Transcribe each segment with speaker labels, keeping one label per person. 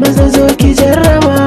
Speaker 1: maza zo ki jarraba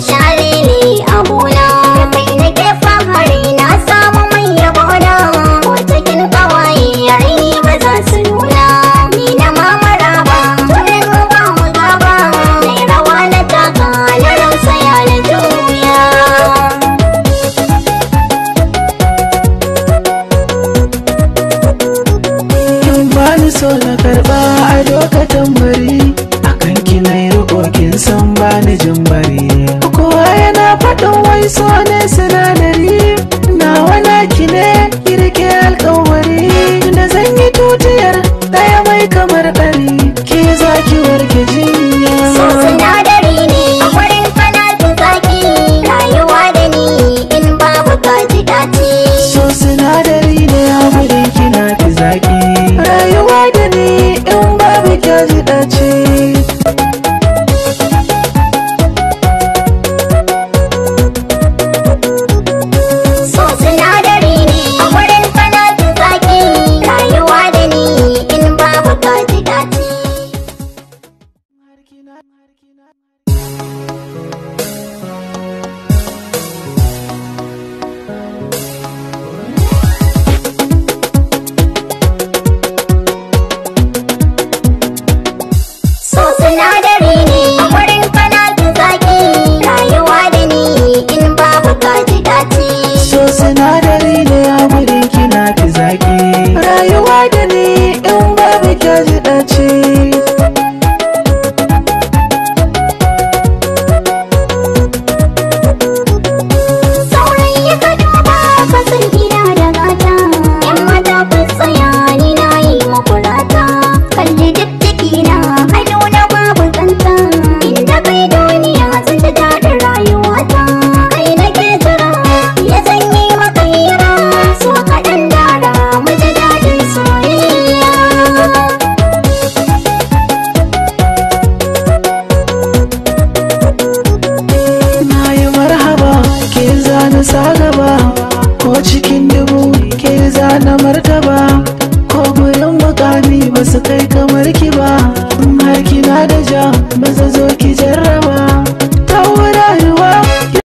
Speaker 1: shine. I. chicken